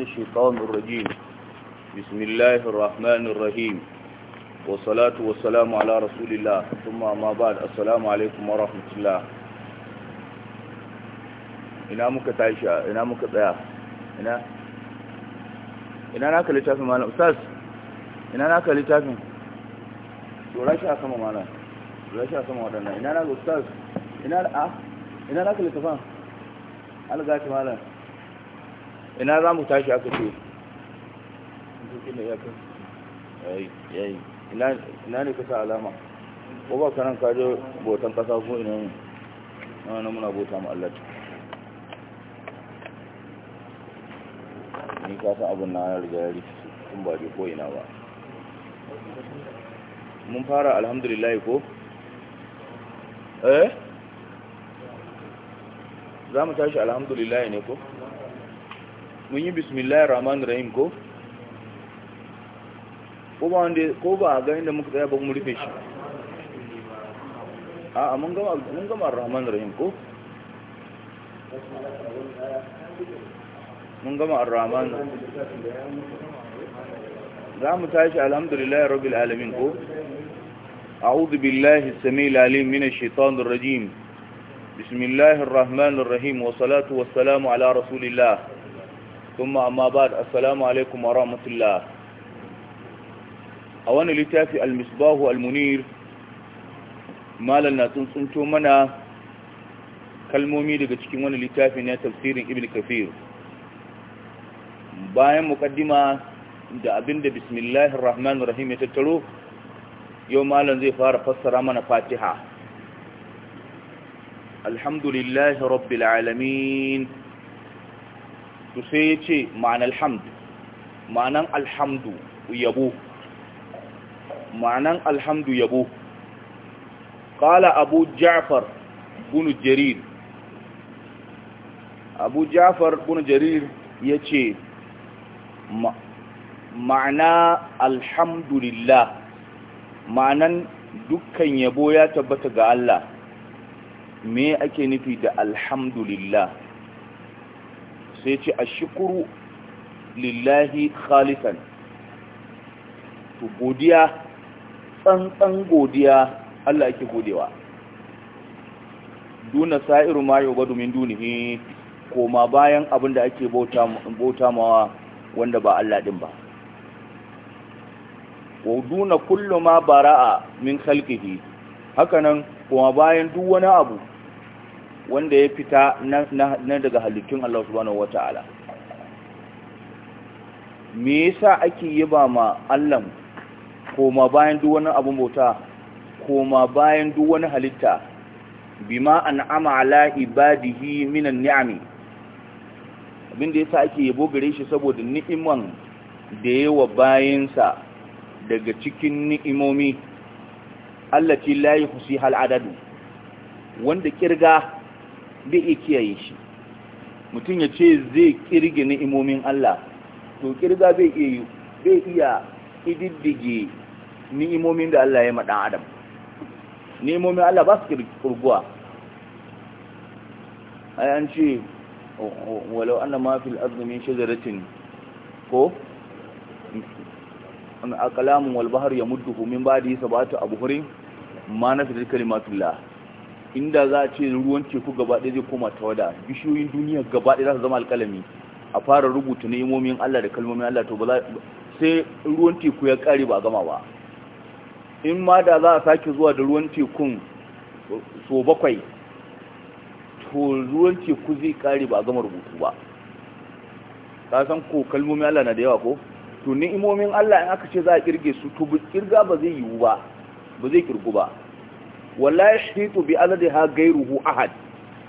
الشيطان الرجيم بسم الله الرحمن الرحيم والصلاة والسلام على رسول الله ثم ما بعد السلام عليكم ورحمة الله إنا مكة عيشة إنا مكة بيا إنا إنا ناكل لتافي مانا أستاذ إنا ناكل لتافي شو رايش أكما مانا شو رايش أكما وردنا إنا ناكل أستاذ إنا أه إنا ناكل أنا ألقاك مانا ina za mu tashi aka ce ina ne kasa alama ko ba kanan kaje botan kasa ko ina ne na muna bota mu ni kasa abin na riga sun rikici ba ko ina ba mun fara alhamdulillah ko eh za mu tashi alhamdulillah ne ko mun yi bismillahir rahmanir rahim ko ko ba wanda ko ba ga inda muka tsaya ba mu rufe shi a mun gama mun gama rahmanir rahim ko mun gama ar-rahman za mu tashi alhamdulillahi rabbil alamin ko a'udhu billahi samil alim minash shaitanir rajim بسم الله الرحمن الرحيم والصلاة والسلام على رسول الله ثم أما بعد السلام عليكم ورحمة الله أولا لتافي المصباح المنير ما لنا تنصنتو منا kalmomi daga cikin wani littafi na tafsirin ibn kafir bayan mukaddima da abinda bismillahir rahmanir rahim ya tattaro yau malam zai fara fassara mana fatiha alhamdulillahi rabbil alamin to sai ya ce maana alhamdu maanan alhamdu yabo maanan alhamdu yabo qaala abu ja'far bunu jarir abu ja'far bunu jarir ya ce ma'ana alhamdulillah ma'anan dukkan yabo ya tabbata ga Allah me ake nufi da alhamdulillah sai ce a shukuru lillahi khalisan to godiya tsantsan godiya Allah yake godewa duna sa'iru ma yau domin dunihi koma bayan abin da ake bauta mawa wanda ba Allah din ba wa duna kullu ma bara'a min khalqihi hakanan koma bayan duk wani abu wanda ya fita na daga halittun Allah subhanahu wata'ala me yasa ake yaba ma Allah koma bayan duk wani abun bauta koma bayan duk wani halitta bima an'ama ala ibadihi minan ni'ami abinda yasa ake yabo gare shi saboda ni'iman da yawa bayansa daga cikin ni'imomi allati la ku hal adadu wanda kirga bai iya kiyaye shi mutum ya ce zai kirge ni'imomin Allah to kirga bai iya bai iya ididdige ni'imomin da Allah ya maɗan adam ni'imomin Allah ba su kirguwa ai an ce walau an ma fil azumi shajaratin ko an aqlamun wal bahr yamudduhu min ba'di abu abhurin ma na nafidat kalimatullah inda za a ce ruwan teku gaba ɗaya zai koma wada bishiyoyin duniya gaba ɗaya za su zama alƙalami a fara rubuta imomin Allah da kalmomin Allah to ba sai ruwan teku ya ƙare ba gama ba in ma da za a sake zuwa da ruwan tekun so bakwai to ruwan teku zai ƙare ba gama rubutu ba ka san ko kalmomin Allah na da yawa ko to ni'imomin Allah in aka ce za a kirge su to kirga ba zai yiwu ba ba zai kirgu ba wala ya yashtitu bi adadiha ghayruhu ahad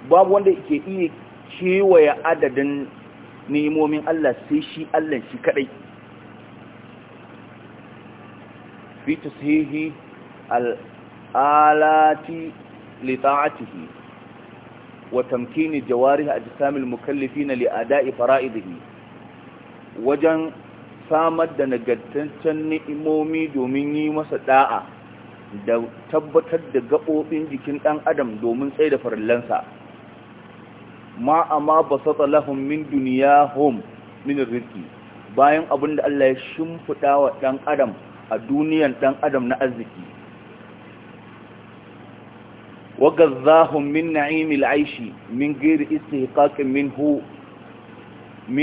babu wanda ke iya kewaye adadin ni'imomin Allah sai shi Allah shi kadai fi tasihi al-alati li ta'atihi wa tamkini jawarih ajsam al-mukallifin li ada'i fara'idihi wajen samar da nagartaccen ni'imomi domin yi masa da'a da tabbatar da gaɓoɓin jikin ɗan adam domin tsaye da farillansa ma amma ba sata lahun min duniya home min rizki bayan abin da Allah ya shimfiɗa wa ɗan adam a duniyan ɗan adam na arziki wagazzahum min na'imil aishi min gairi hu min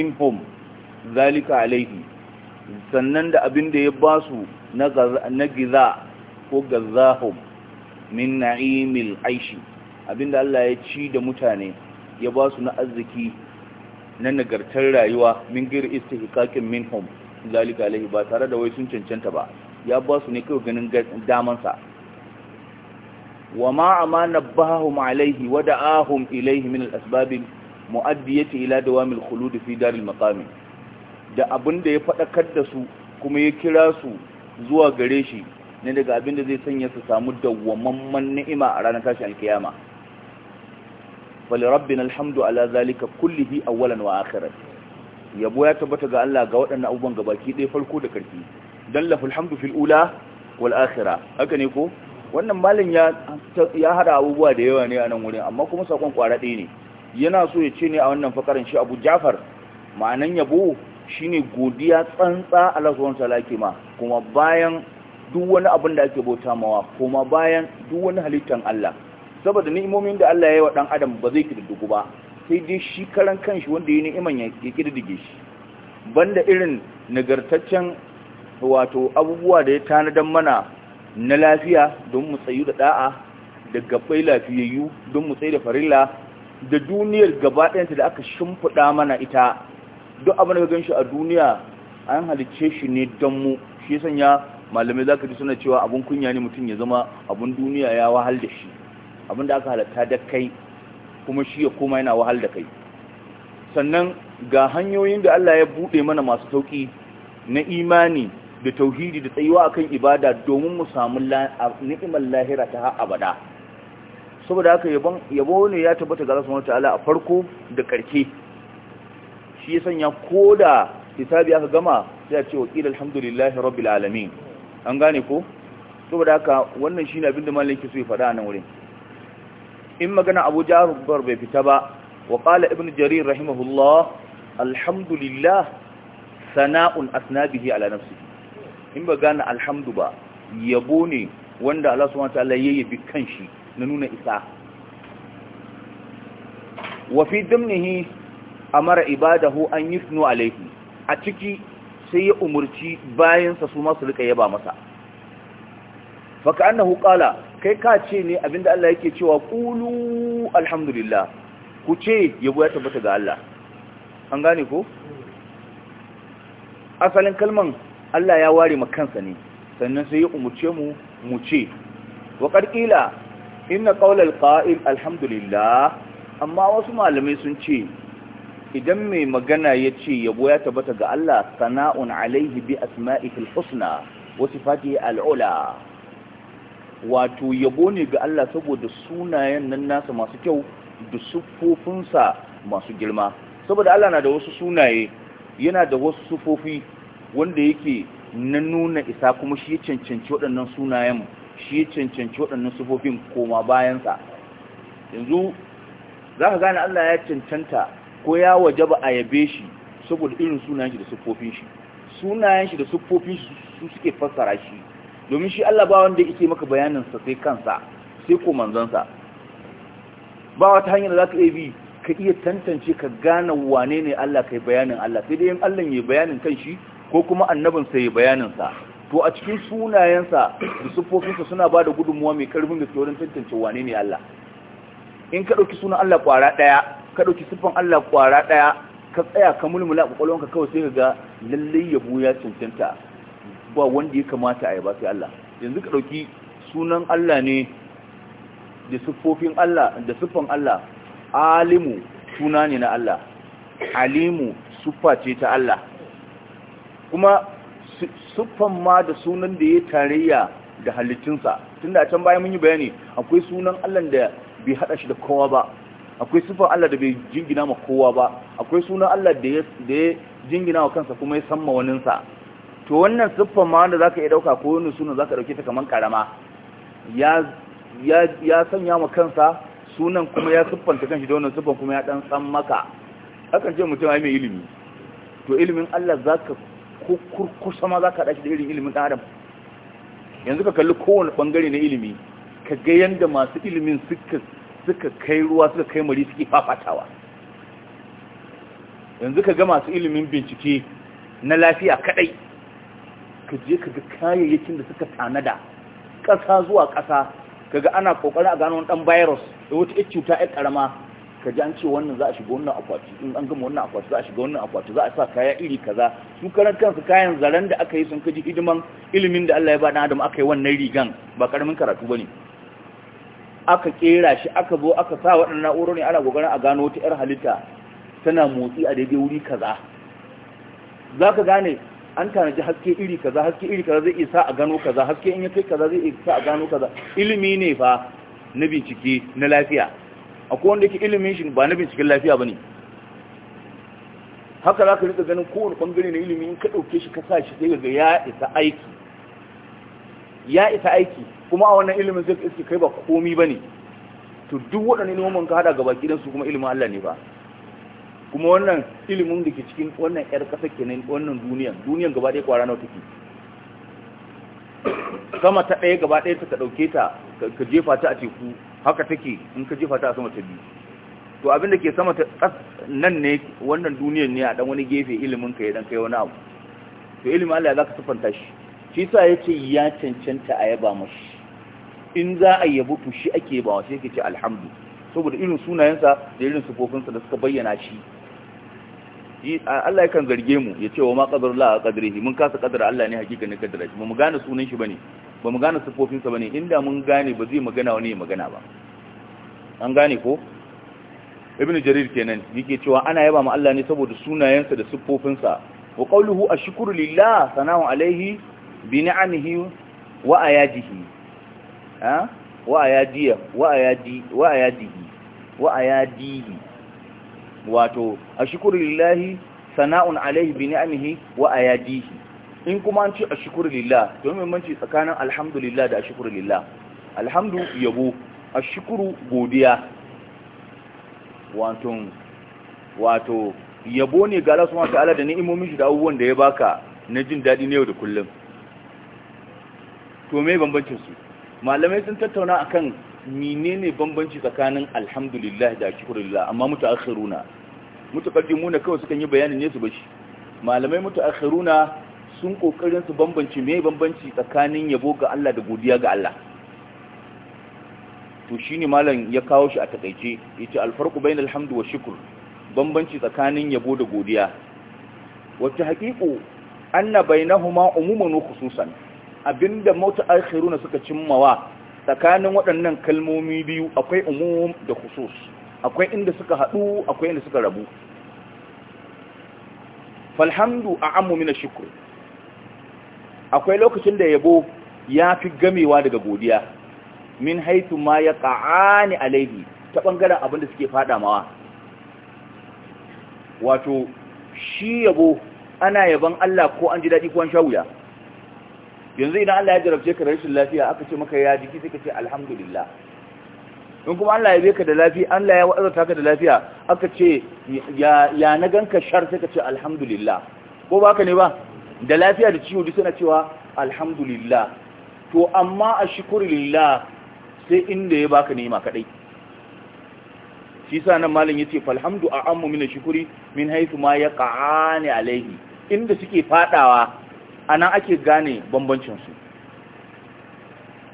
minhum zalika alaihi, sannan da abin da ya basu na giza ko gazahum min na'imil aishi abinda Allah ya ci da mutane ya ba su na arziki na nagartar rayuwa min gir istihqaqin minhum zalika alaihi ba tare da wai sun cancanta ba ya ba su ne kawai ganin daman sa wa ma bahum alaihi wa da'ahum ilaihi min al-asbab mu'addiyati ila al khulud fi al-maqam da abinda ya fadakar da su kuma ya kira su zuwa gare shi ne daga abin da zai sanya su samu dawwamamman ni'ima a ranar tashin alkiyama fali rabbin alhamdu ala zalika kullihi awwalan wa akhirat yabo ya tabbata ga Allah ga waɗannan abubuwan gabaki ɗaya farko da ƙarfi dan lahul fil ula wal akhirah haka ne ko wannan malin ya ya hada abubuwa da yawa ne a nan wurin amma kuma sakon kwara ɗaya ne yana so ya ce ne a wannan fakarin shi Abu Ja'far ma'anan yabo shine godiya tsantsa Allah subhanahu wa ta'ala ke ma kuma bayan duk wani abin da ake bauta mawa kuma bayan duk wani halittar Allah saboda ni'imomin da Allah ya yi wa ɗan adam ba zai kididdugu ba sai dai shi karan kanshi wanda ya ni'iman ya kididdige shi banda irin nagartaccen wato abubuwa da ya don mana na lafiya don mu tsayu da ɗa'a da gabbai lafiyayyu don mu da farilla da duniyar gaba ɗayanta da aka shimfiɗa mana ita duk abin da ka gan shi a duniya an halicce shi ne don mu shi sanya malamai ka ji suna cewa abun kunya ne mutum ya zama abun duniya ya wahal da shi abin da aka halatta da kai kuma shi ya koma yana wahal da kai sannan ga hanyoyin da Allah ya buɗe mana masu sauƙi na imani da tauhidi da tsayuwa akan ibada domin mu samu ni'imar lahira ta har abada saboda haka yabo ne ya tabbata ga Allah ala a farko da karke shi ya sanya da hisabi aka gama sai a ce wa qila alhamdulillahi rabbil alamin an gane ko saboda haka wannan shine abin da malam yake so ya a nan wurin in magana Abu Ja'far bai fita ba wa qala ibn Jarir rahimahullah alhamdulillah sana'un asnabihi ala nafsihi in ba gane alhamdu ba yabo ne wanda Allah subhanahu wataala ya kanshi na nuna isa wa fi dimnihi amara ibadahu an yusnu alayhi a ciki sai ya umarci bayansa su masu rika yaba masa faka annahu qala kai ka ce ne abinda Allah yake cewa qulu alhamdulillah ku ce yabo ya tabbata ga Allah an gane ko asalin kalman Allah ya ware kansa ne sannan sai ya umarce mu mu ce wa qarqila inna qawla alqa'il alhamdulillah amma wasu malamai sun ce idan mai magana ya ce yabo ya tabbata ga Allah sana'un alaihi bi asma'ihil husna wa sifatihi al'ula wato yabo ne ga Allah saboda sunayen nan nasa masu kyau da siffofinsa masu girma saboda Allah na da wasu sunaye yana da wasu sufofi wanda yake na nuna isa kuma shi ya cancanci waɗannan sunayen shi ya cancanci waɗannan sufofin, koma bayansa yanzu za ka gane Allah ya cancanta ko ya wajaba a yabe shi saboda irin sunayen shi da siffofin shi sunayen shi da siffofin shi su suke fassara shi domin shi Allah ba wanda yake maka bayanin sa sai kansa sai ko sa. ba wata hanyar da zaka iya bi ka iya tantance ka gane wane ne Allah kai bayanin Allah sai dai in Allah ya bayanin kanshi ko kuma annabin sa ya bayanin sa to a cikin sunayen sa da sa suna ba da gudunmuwa mai karfin da tsoron tantance wane ne Allah in ka ɗauki sunan Allah kwara ɗaya ka ɗauki siffan Allah ƙwara ɗaya ka tsaya ka mulmula ƙwaƙwalwanka kawai sai ka ga lallai yabo ya cancanta ba wanda ya kamata a ba sai Allah yanzu ka ɗauki sunan Allah ne da siffofin Allah da siffan Allah alimu suna ne na Allah alimu siffa ce ta Allah kuma siffan ma da sunan da ya tarayya da halittunsa tunda a can bayan mun yi bayani akwai sunan Allah da bai hada shi da kowa ba akwai sifar Allah da bai jingina ma kowa ba akwai sunan Allah da ya jingina wa kansa kuma ya san ma to wannan siffar ma wanda zaka iya dauka ko wani sunan zaka dauke ta kaman karama ya ya ya sanya ma kansa sunan kuma ya siffanta kanshi da wannan sufan kuma ya dan san maka akan ce mutum ai mai ilimi to ilimin Allah zaka kurkusa ma zaka dace da irin ilimin dan adam yanzu ka kalli kowane bangare na ilimi ka ga yanda masu ilimin suka suka kai ruwa suka kai mari suke fafatawa yanzu ka ga masu ilimin bincike na lafiya kadai ka je ka ga kayayyakin da suka tanada ƙasa zuwa ƙasa ka ga ana ƙoƙarin a gano wani ɗan virus da wata ya cuta ya ƙarama ka ji an ce wannan za a shiga wannan akwati in an gama wannan akwati za a shiga wannan akwati za a sa kaya iri kaza su karan kansu kayan zaren da aka yi sun kaji hidiman ilimin da Allah ya ba dan adam aka yi wannan rigan ba karamin karatu bane aka kera shi aka zo aka sa waɗannan na'urori ana gogara a gano wata 'yar halitta tana motsi a daidai wuri kaza za ka gane an tanaji haske iri kaza haske iri kaza zai isa a gano kaza haske in yake kai kaza zai isa a gano kaza ilimi ne fa na bincike na lafiya akwai wanda yake ilimin shi ba na binciken lafiya ba ne haka za ka rika ganin kowane ɓangare na ilimi in ka ɗauke shi ka sa shi sai ga ya isa aiki ya isa aiki kuma a wannan ilimin zai iske kai ba komi ba ne to duk waɗannan ilimin ka haɗa gaba gidan su kuma ilimin Allah ne ba kuma wannan ilimin da ke cikin wannan ƴar ƙasa kenan wannan duniyan duniyan gaba ɗaya kwara nawa take sama ta ɗaya gaba ɗaya ta ɗauke ta ka jefa ta a teku haka take in ka jefa ta a sama ta biyu to abin da ke sama ta nan ne wannan duniyan ne a ɗan wani gefe ilimin ka ya ɗan kai wani abu to ilimin Allah ya za ka siffanta shi shi sa ya ce ya cancanta a yaba mashi in za a yabu to shi ake ba wa sai ke ce alhamdu saboda irin sunayensa da irin sufofinsa da suka bayyana shi Allah yakan zarge mu ya ce wa ma qadarullah la qadrihi mun kasa qadara Allah ne hakika ne qadara shi mu gane sunan shi bane ba mu gane sufofinsa bane inda mun gane ba zai magana wani magana ba an gane ko ibn jarir kenan yake cewa ana yaba ma Allah ne saboda sunayensa da sufofinsa wa qawluhu ashkuru lillah sana'u alaihi bi ni'amihi wa ayatihi wa a wa ayadi wa a wa ayadihi wato shukuri lillahi sana'un alaihi bi ni'amihi wa ayadihi in kuma an ce shukuri lillah to me manci tsakanin alhamdulillah da shukuri lillah alhamdu yabo shukuru godiya wato wato yabo ne ga Allah subhanahu ala da ni'imomin shi da abubuwan da ya baka na jin daɗi ne yau da kullum to me bambancinsu su malamai sun tattauna akan menene bambanci tsakanin alhamdulillah da shukrulillah amma mutaakhiruna mutaqaddimuna kawai sukan yi bayani ne su bashi malamai mutaakhiruna sun kokarin su bambanci me bambanci tsakanin yabo ga Allah da godiya ga Allah to shine malam ya kawo shi a takeice yace alfarqu bainal alhamdu wa shukr bambanci tsakanin yabo da godiya wata haqiqo anna bainahuma umuman wa khususan abinda mota akhiruna suka cimmawa tsakanin waɗannan kalmomi biyu akwai umum da khusus akwai inda suka haɗu akwai inda suka rabu falhamdu a ammu na shukr akwai lokacin da yabo ya fi gamewa daga godiya min haitu ma ya ƙa'ani alaihi ta ɓangaren abinda suke faɗa mawa wato shi yabo ana yaban Allah ko an ji daɗi ko an sha wuya yanzu idan Allah ya jarabce ka rashin lafiya aka ce maka ya jiki sai ka ce alhamdulillah in kuma Allah ya beka da lafiya Allah ya wa'azata ka da lafiya aka ce ya ya na ganka shar sai ka ce alhamdulillah ko baka ne ba da lafiya da ciwo duk suna cewa alhamdulillah to amma a lillah sai inda ya baka ni'ima kadai shi sa nan malam yace falhamdu a'ammu min shukuri min haythu ma yaqa'ani alayhi inda suke fadawa a nan ake gane bambancinsu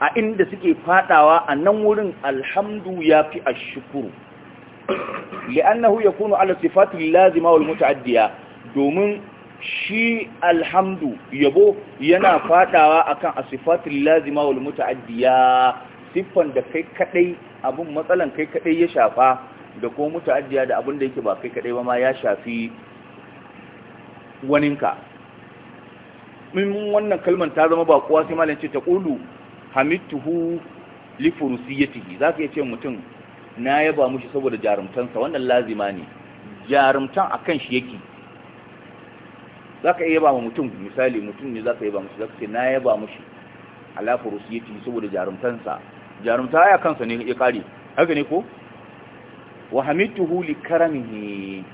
a inda suke fadawa a nan wurin alhamdu ya fi a shukuru li'annahu ya kunu ala sifatun lazima wal muta'addiya domin shi alhamdu yabo yana fadawa akan asifatin lazima wal muta'addiya siffan da kai kadai abin matsalan kai kadai ya shafa da ko muta'addiya da abun da yake ba kai kadai ba ma ya shafi waninka mun wannan kalmar ta zama kowa sai malam ce ta qulu hamituhu li furusiyatihi zaka iya ce mutum na yaba mushi saboda jarumtansa wannan lazima ne jarumtan akan shi yake zaka iya yaba mutum misali mutum ne zaka yaba mushi zaka ce na yaba mushi ala furusiyatihi saboda jarumtansa jarumta ya kansa ne ya kare haka ne ko wa hamituhu li karamihi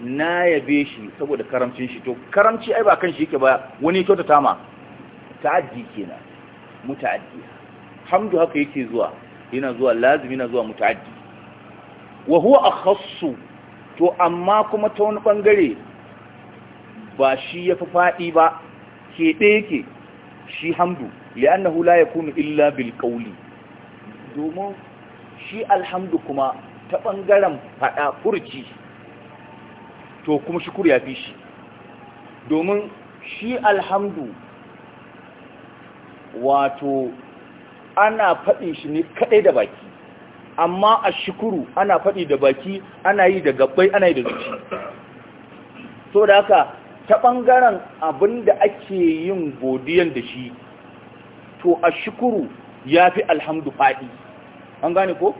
na yabe shi saboda karamcin shi to karamci ai ba kan shi yake ba wani kyautata ma ta'addi kenan muta'addi hamdu haka yake zuwa yana zuwa lazimi yana zuwa muta'addi wa huwa akhassu to amma kuma ta wani bangare ba shi yafi fadi ba ke yake shi hamdu li'annahu la yakunu illa bil qawli domin shi alhamdu kuma ta bangaren fada furci to kuma shukur ya fi shi domin shi alhamdu wato ana faɗi shi ne kaɗai da baki amma a shukuru ana faɗi da baki ana yi da gabbai ana yi da zuci so da haka ta ɓangaren abin da ake yin godiyan da shi to a shukuru ya fi alhamdu faɗi an gane ko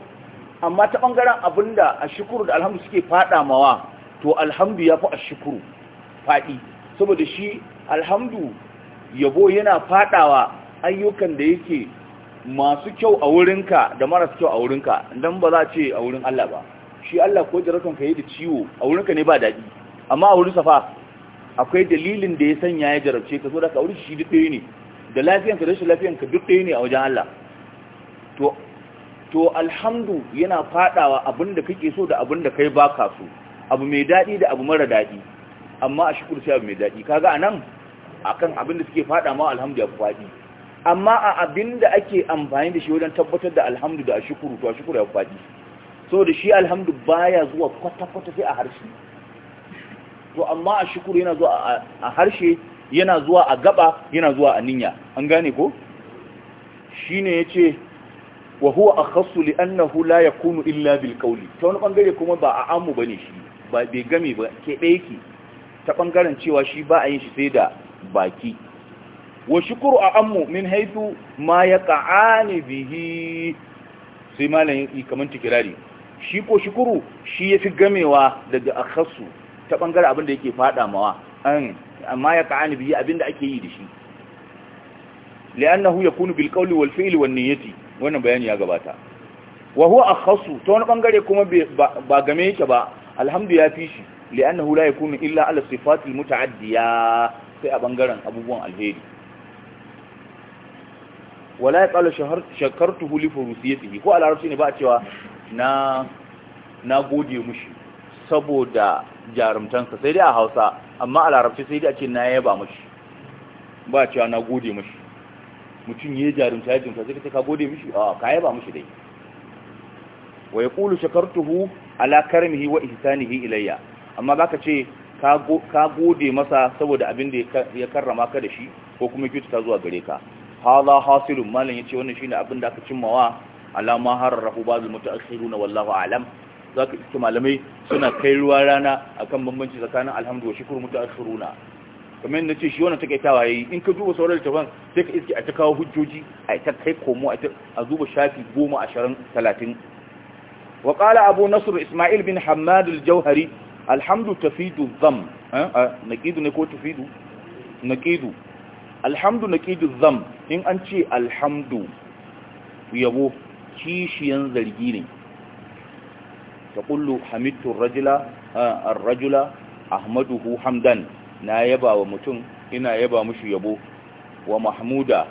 amma ta ɓangaren abin da a shukuru da alhamdu suke faɗa mawa to alhamdu ya fi a shukuru faɗi saboda shi alhamdu yabo yana faɗawa ayyukan da yake masu kyau a wurinka da maras kyau a wurinka don ba za a ce a wurin Allah ba shi Allah ko jirakan ka yi da ciwo a wurinka ne ba daɗi amma a wurin safa akwai dalilin da ya sanya ya jarabce ka so da ka wurin shi duk ɗaya ne da lafiyanka da rashin lafiyanka duk ɗaya ne a wajen Allah to to alhamdu yana faɗawa abinda kake so da abinda kai baka so abu mai daɗi da abu mara daɗi amma a Shukuru sai abu mai daɗi kaga a nan akan abin da suke faɗa ma alhamdu ya fi faɗi amma a abin da ake amfani da shi wajen tabbatar da alhamdu da a shukuru to a shukuru ya fi faɗi so da shi alhamdu baya zuwa kwata-kwata sai a harshe to amma a shukuru yana zuwa a harshe yana zuwa a gaba yana zuwa a ninya an gane ko shine yace wa huwa akhassu li annahu la yakunu illa bil qawli to wani bangare kuma ba a amu bane shi ba bai game ba ke ɗaya ki ta ɓangaren cewa shi ba a yin shi sai da baki wa shukuru a ammu min haitu ma ya ƙa'ani bihi sai malam yi kamar tikirari shi ko shukuru shi ya fi gamewa daga akhasu ta ɓangaren abin da yake faɗa mawa an amma ya ƙa'ani bihi abin da ake yi da shi li'annahu yakunu bil qawli wal fi'li niyyati wannan bayani ya gabata wa huwa akhasu ta wani bangare kuma ba game yake ba alhamdu ya fi shi hula ya yakunu illa ala sifatil muta'addiya sai a bangaren abubuwan alheri wala ya qala shakartuhu li furusiyatihi ko a larabci ne ba a cewa na na gode mushi saboda jarumtansa sai dai a Hausa amma a larabci sai dai a ce na yaba mushi ba a cewa na gode mushi mutum ya yi jarumta ya jinka sai ka gode mushi a ka yaba mushi dai wa ya yaqulu shakartuhu ala karmihi wa ihsanihi ilayya amma baka ce ka gode masa saboda abin da ya karrama ka da shi ko kuma ta zuwa gare ka hadha hasilun malan yace wannan shine abin da aka cimmawa alama harrahu ba'd mutaakhiruna wallahu a'lam zaka iske malamai suna kai ruwa rana akan bambanci tsakanin alhamdu wa shukr mutaakhiruna kamar yadda ce shi wannan takaitawa tawaye in ka duba sauran tafan sai ka iske a ta kawo hujjoji a ta kai komo a zuba shafi 10 20 30 وقال أبو نصر إسماعيل بن حماد الجوهري الحمد تفيد الضم نكيد نكو تفيد نكيد الحمد نكيد الضم إن أنت الحمد يبو كيشيا زرجيني تقول له حمدت الرجل الرجل أحمده حمدا na yaba wa mutum ina yaba mushi yabo wa mahmuda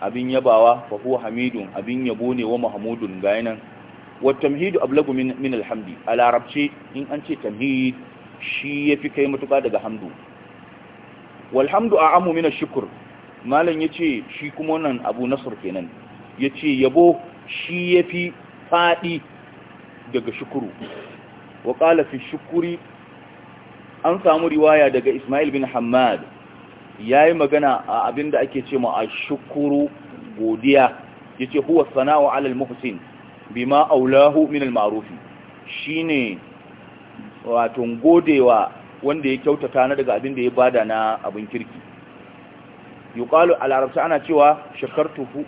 abin yabawa fa huwa hamidun abin yabo ne wa mahmudun gayinan wa tamhidu ablagu min alhamdi a in an ce tamhid shi ya fi kai matuka daga hamdu walhamdu a amu mina shukur malam ya ce shi kuma wannan abu nasar kenan ya ce yabo shi ya fi faɗi daga shukuru wa ƙala fi shukuri an samu riwaya daga ismail bin hamad ya yi magana a abinda ake ce ma a shukuru godiya ya ce huwa sana'o alal muhsin bima aulahu min al-ma'rufi shine wato godewa wanda ya kyautata na daga abin da ya bada na abin kirki yuqalu al-arabta ana cewa shakartuhu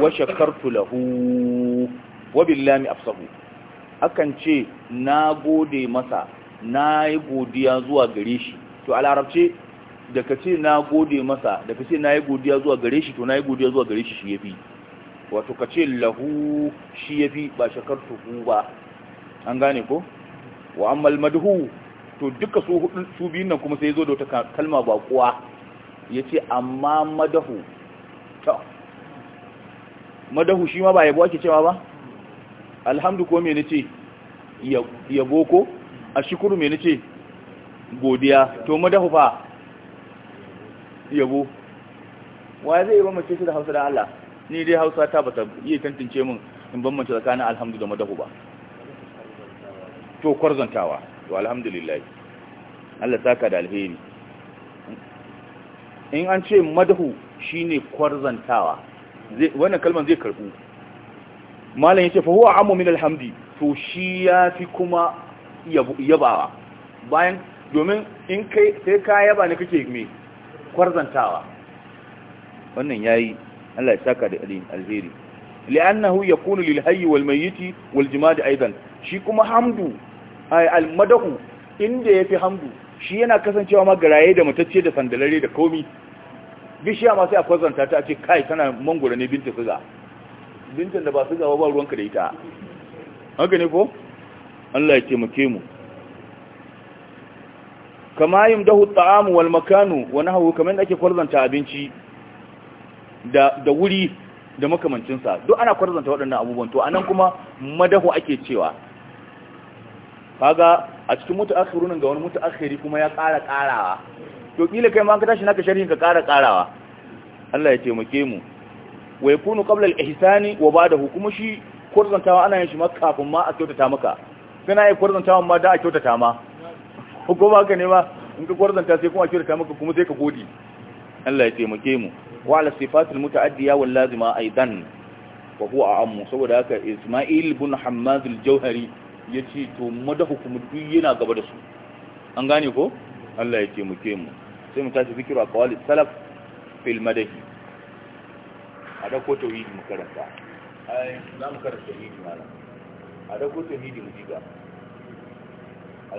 wa shakartu lahu wa billahi afsahu akan ce na gode masa na yi godiya zuwa gare shi to a larabce daga ce na gode masa daga ce na yi godiya zuwa gare shi to na yi godiya zuwa gare shi shi ya fi wato ka ce lahu shi ya fi ba shakar Tuhu ba an gane ko wa ammal madhu to duka su hudu su biyun nan kuma sai zo da wata kalma ba kuwa yace amma madahu to madahu shi ma ba yabo ake cewa ba alhamdu ko me nace yabo ko ashkuru me nace godiya to madahu fa yabo wa zai yi ba mace shi da hausa da Allah ni dai hausa ta bata iya tantance min in bambance tsakanin alhamdu da madahu ba to kwarzantawa to alhamdulillah Allah saka da alheri in an ce madahu shine kwarzantawa wannan kalman zai karbu malam yace fa huwa ammu min alhamdi to shi yafi kuma yabawa bayan domin in kai sai ka yaba ne kake me kwarzantawa wannan yayi Allah ya saka da alheri li'annahu yakunu lil hayy wal mayyit wal jimad aidan shi kuma hamdu ay al madahu inda yafi hamdu shi yana kasancewa ma garaye da matacce da sandalare da komi bishiya ma sai a kwazanta ta ce kai tana mangoro ne binta suga bintan da ba suga ba ruwanka da ita haka ne ko Allah ya taimake mu kama yimdahu at-ta'amu wal makanu wa nahwu kaman ake kwazanta abinci da wuri da makamancinsa duk ana kwarzanta waɗannan abubuwan to anan kuma madahu ake cewa kaga a cikin mutaakhirun ga wani mutaakhiri kuma ya ƙara ƙarawa to kila kai ma ka tashi naka sharhin ka ƙara ƙarawa Allah ya taimake mu wa yakunu qabla al-ihsani wa ba'dahu kuma shi kwarzantawa ana yin shi ma kafin ma a kyautata maka kana yi kwarzantawa ma da a kyautata ma ko ba ka ne ma in ka kwarzanta sai kuma a kyautata maka kuma sai ka gode Allah ya taimake mu wa'ala sifatul muta'addiya wal lazima aidan saboda haka isma'il ibn hammad al yace to an gane ko Allah ya ce mu a da ko tauhidi mu karanta ai